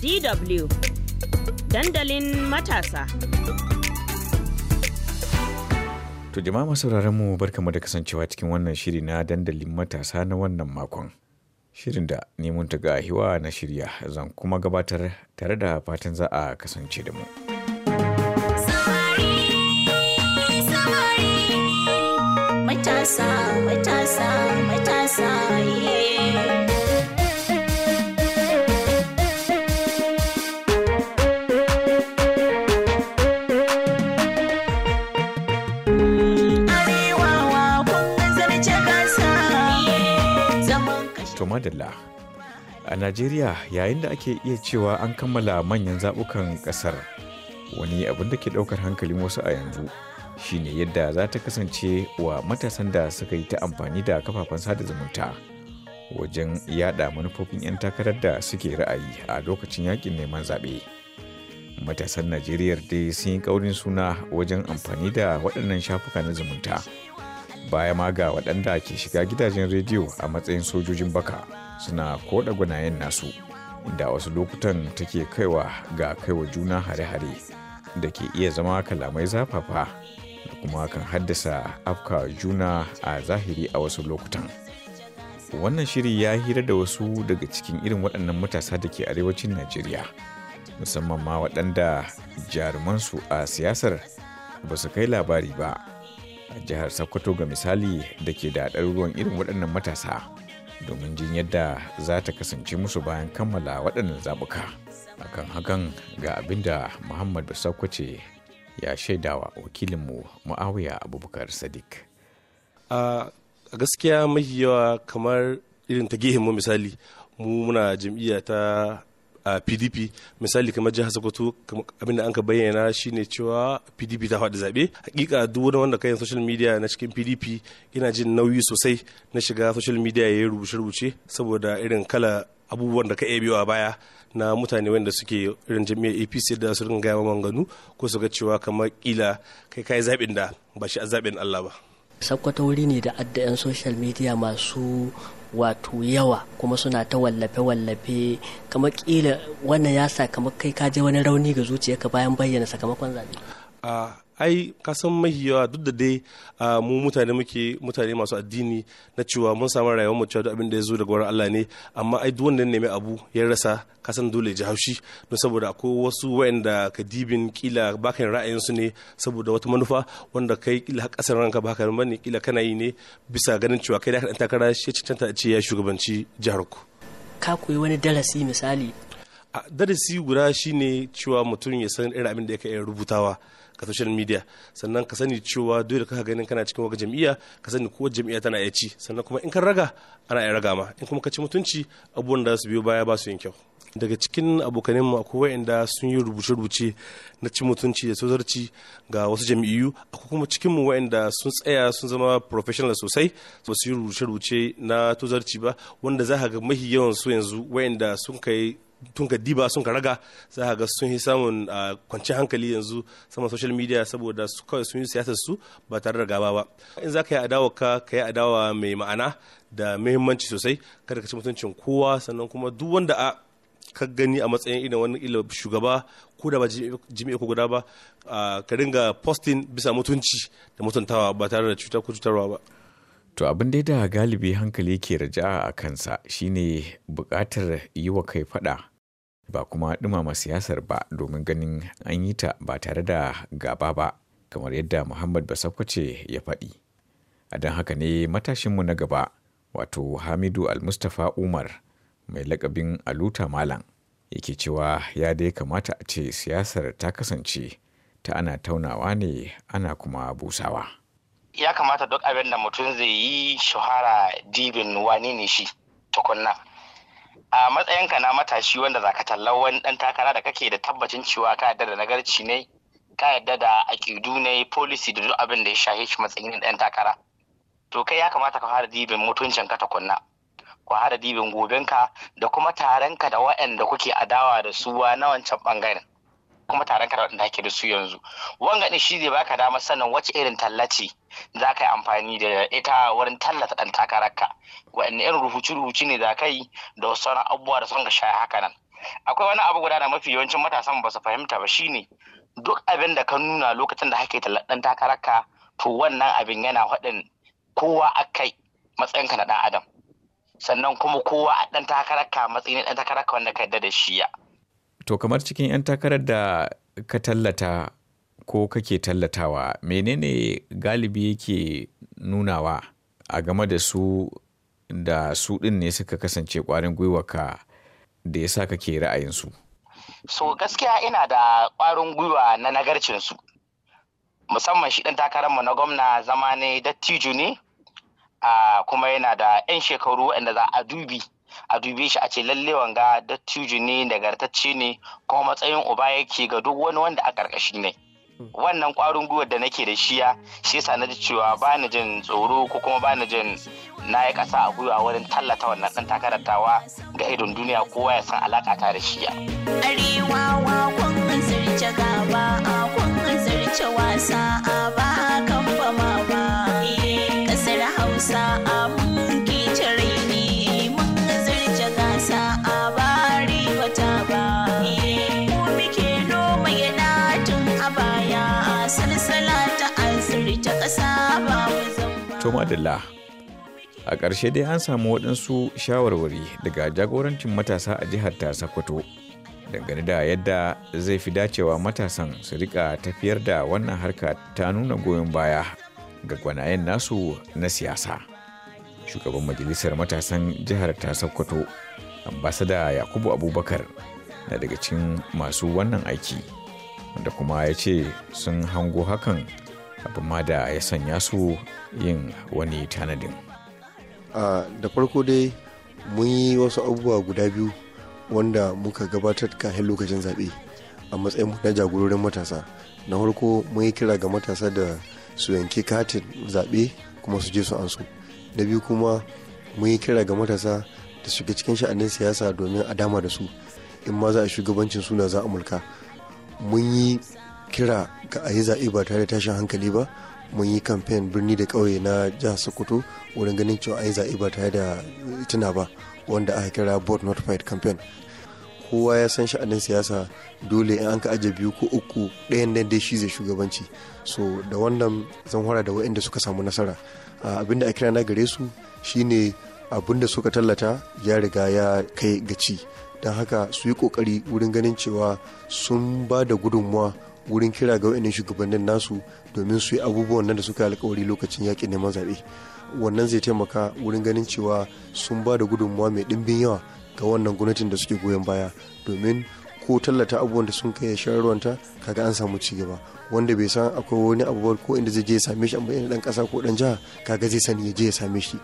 DW dandalin matasa. To jama'a masu mu barkamu da kasancewa cikin wannan shiri na dandalin matasa na wannan makon. Shirin da neman ta hiwa na shirya zan kuma gabatar tare da fatan za a kasance da mu. madalla a najeriya yayin da ake iya cewa an kammala manyan zaɓukan ƙasar wani abin da ke ɗaukar hankalin wasu a yanzu shine yadda za ta kasance wa matasan da suka yi ta amfani da kafafen sada zumunta wajen yada manufofin 'yan takarar da suke ra'ayi a lokacin yakin neman zaɓe matasan najeriya dai sun yi ƙaurin suna wajen amfani da waɗannan shafuka na zumunta. baya ma ga waɗanda ke shiga gidajen rediyo a matsayin sojojin baka suna koɗa gwanayen nasu da wasu lokutan take kaiwa ga kaiwa juna hare-hare da ke iya zama kalamai zafafa da kuma kan haddasa afka juna a zahiri a wasu lokutan wannan shiri ya hira da wasu daga cikin irin waɗannan matasa da ke arewacin najeriya musamman ma waɗanda jarumansu a siyasar ba su kai labari ba a jihar Sokoto ga misali da ke da ɗaruruwan irin waɗannan matasa domin jin yadda za ta kasance musu bayan kammala waɗannan zaɓuka. Akan hakan ga abin da Muhammad Sokoce ya shaidawa wakilinmu ma'awiya Abubakar Sadiq. A gaskiya mafi yawa kamar irin ta mu misali mu muna jam'iyya ta a pdp misali kamar jihar sokoto abin da an ka bayyana shine cewa pdp ta faɗi zaɓe hakika duk wani wanda kayan social media na cikin pdp ina jin nauyi sosai na shiga social media ya yi rubuce-rubuce saboda irin kala abubuwan da ka biyo a baya na mutane wanda suke irin jami'ar apc da su ringa gaya ganu ko su ga cewa kamar kila kai kai zaɓin da ba shi a zaɓin allah ba sakwata wuri ne da adda 'yan social media masu wato yawa kuma suna ta wallafe-wallafe kamar kila wannan ya kamar kai ka je wani rauni ga zuciyarka bayan bayyana sakamakon zaɓe. Ah, ai kasan mahi yawa duk da dai mu mutane muke mutane masu addini na cewa mun samu rayuwar mu cewa duk abin da ya zo daga wurin Allah ne amma ai duk wanda nemi abu ya rasa kasan dole ji haushi don saboda akwai wasu waɗanda ka dibin kila baka ra'ayin su ne saboda wata manufa wanda kai kila kasar ranka baka ran bane kila kana yi ne bisa ganin cewa kai da ka takara shi ta ce ya shugabanci jihar ku ka koyi wani darasi misali darasi guda shine cewa mutum ya san irin abin da yake rubutawa ka social media sannan ka sani cewa duk da kaka ganin kana cikin wata jam'iyya ka sani ko jam'iyya tana iya ci sannan kuma in ka raga ana iya raga in kuma ka ci mutunci abubuwan da su biyo baya ba su yin kyau daga cikin abokanin mu akwai wanda sun yi rubuce-rubuce na ci mutunci da tozarci ga wasu jam'iyyu akwai kuma cikin mu waɗanda sun tsaya sun zama professional sosai ba su yi rubuce-rubuce na tozarci ba wanda za ka ga mahi yawan su yanzu waɗanda sun kai tun ka diba sun ka raga za ga sun yi samun kwanci hankali yanzu sama social media saboda su kawai sun yi siyasar su ba tare da gaba ba in za ka yi adawa ka ka yi adawa mai ma'ana da muhimmanci sosai kada ka ci mutuncin kowa sannan kuma duk wanda a ka gani a matsayin irin wani ila shugaba ko da ba jimi ko guda ba ka dinga posting bisa mutunci da mutuntawa ba tare da cutar ko cutarwa ba To abin dai da galibi hankali ke raja'a a kansa shine buƙatar yi wa kai faɗa ba kuma ɗumama siyasar ba domin ganin an yi ta ba tare da gaba ba kamar yadda Muhammad Basakwace ya faɗi. A don haka ne matashinmu na gaba wato Hamidu almustafa Umar mai lakabin Aluta Malam yake cewa ya dai kamata a ce siyasar ta kasance ta ana taunawa ne ana kuma busawa. ya kamata duk abin da mutum zai yi shahara dibin wani ne shi tukunna a matsayinka na matashi wanda za ka tallar wani dan takara da kake da tabbacin cewa ka yadda da nagarci ne ka yadda da akidu ne policy da duk abin da ya shahe shi matsayin dan takara to kai ya kamata ka fara dibin mutuncin ka tukunna ku fara dibin gobinka, da kuma tarenka da waɗanda kuke adawa da su na wancan bangaren kuma taron kara da ake da su yanzu wanga ɗin shi zai baka damar sanin wace irin tallace za ka yi amfani da ita wurin tallata ɗan takararka wa'anne irin rubuci rubuci ne za ka yi da wasu sauran abubuwa da sun ga shaya haka nan akwai wani abu guda da mafi yawancin matasan ba su fahimta ba ne. duk abin da ka nuna lokacin da hake ɗan takararka to wannan abin yana haɗin kowa a kai matsayinka na ɗan adam sannan kuma kowa a ɗan takararka matsayin ɗan takararka wanda ka yarda da shi ya to kamar cikin 'yan takarar da ka tallata ko kake tallatawa menene galibi yake nunawa a game da su da su ɗin ne suka kasance ƙwarin gwiwarka da ya sa kake ra'ayinsu so gaskiya ina da ƙwarin gwiwa na nagarcinsu musamman shi ɗan takararmu na gwamna zama ne dattijo ne kuma yana da 'yan shekaru waɗanda za a dubi a dube shi a ce lalle wanga dattijo ne nagartacce ne kuma matsayin uba yake ga duk wani wanda a karkashi ne wannan kwarin gwiwar da nake da shiya shi yasa na ji cewa ba ni jin tsoro ko kuma ba ni jin na yi kasa a gwiwa wurin tallata wannan ɗan takaratawa ga idon duniya kowa ya san alaka ta da shiya. Arewa wasa a ba kan ba ma ba. Kasar Hausa a to madalla a ƙarshe dai an samu waɗansu shawarwari daga jagorancin matasa a jihar ta sokoto dangane da yadda zai fi dacewa matasan su rika tafiyar da wannan harka ta nuna goyon baya ga gwanayen nasu na siyasa shugaban majalisar matasan jihar ta sokoto ambasada yakubu abubakar na daga cikin masu wannan aiki wanda kuma ya ce sun hango hakan abin ma da ya sanya su yin wani tanadin da farko dai mun yi wasu abubuwa guda biyu wanda muka gabatar kafin lokacin zaɓe a matsayin na jagororin matasa na farko mun yi kira ga matasa da su yanke katin zaɓe kuma su je su ansu na biyu kuma mun yi kira ga matasa da shiga cikin sha'anin siyasa domin a dama da su in ma za a shugabancin suna za a mulka mun yi kira ga a yi zaɓe ba tare da tashin hankali ba mun yi kamfen birni da ƙauye na jihar sokoto wurin ganin cewa a yi zaɓe ba tare da tuna ba wanda aka kira board notified campaign kowa ya san sha'anin siyasa dole in an ka aje biyu ko uku ɗayan nan dai shi zai shugabanci so da wannan zan hora da waɗanda suka samu nasara abinda a kira na gare su shine da suka tallata ya riga ya kai gaci don haka su yi ƙoƙari wurin ganin cewa sun ba da gudunmuwa wurin kira ga wa'annan shugabannin nasu domin su yi abubuwan nan da suka alkawari lokacin yakin neman zaɓe wannan zai taimaka wurin ganin cewa sun ba da gudunmawa mai ɗimbin yawa ga wannan gwamnatin da suke goyon baya domin ko tallata abubuwan da sun kai shararwanta kaga an samu ci gaba wanda bai san akwai wani abubuwa ko inda zai je ya same shi amma yana dan kasa ko dan jiha kaga zai sani ya je ya same shi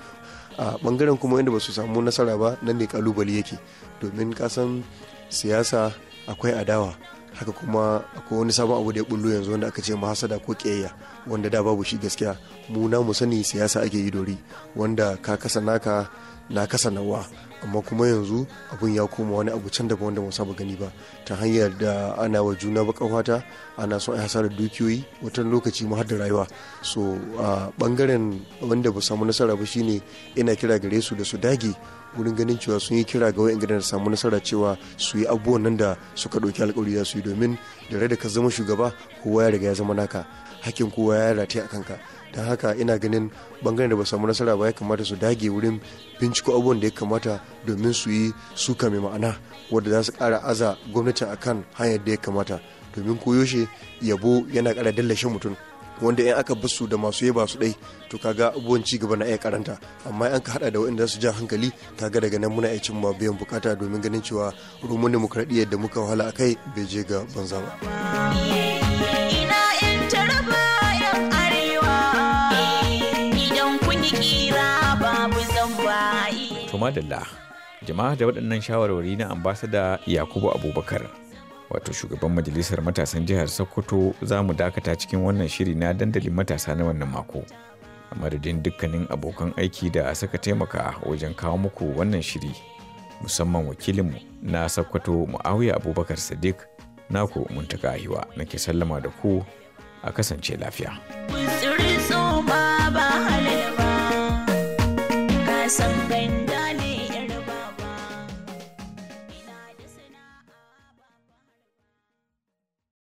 a bangaren kuma inda ba su samu nasara ba nan ne kalubale yake domin kasan siyasa akwai adawa haka kuma akwai wani sabon abu da ya bullo yanzu wanda aka ce mahasada ko kiyayya wanda da babu shi gaskiya mu na mu sani siyasa ake yi dori wanda ka kasa naka na kasa nawa amma kuma yanzu abun ya koma wani abu can daban wanda ba saba gani ba ta hanyar da ana wa juna ba fata ana son a da dukiyoyi wata lokaci ma har da rayuwa so a bangaren wanda ba samu nasara ba shine ina kira gare su da su dage wurin ganin cewa sun yi kira ga wa'in gidan samu nasara cewa su yi abubuwan nan da suka ɗauki alkawari za su yi domin da rai da ka zama shugaba kowa ya riga ya zama naka hakkin kowa ya rataye a kanka don haka ina ganin bangaren da ba samu nasara ba ya kamata su dage wurin binciko abubuwan da ya kamata domin su yi suka mai ma'ana wadda za su kara aza gwamnati a kan hanyar da ya kamata domin koyoshe yabo yana kara dallashin mutum wanda in aka basu da masu yaba su dai to kaga abubuwan ci gaba na iya karanta amma in ka hada da waɗanda su ja hankali kaga daga nan muna iya cin ma biyan bukata domin ganin cewa rumun demokradiyyar da muka wahala akai bai je ga banza ba. To madalla, jama'a da waɗannan shawarwari na ambasada Yakubu Abubakar. Wato shugaban majalisar matasan jihar Sokoto za mu dakata cikin wannan shiri na dandalin matasa na wannan mako. A madadin dukkanin abokan aiki da suka taimaka wajen kawo muku wannan shiri. Musamman wakilinmu na Sokoto Muawiya Abubakar Sadiq, naku Muntaka Ahiwa nake sallama da ku a kasance lafiya.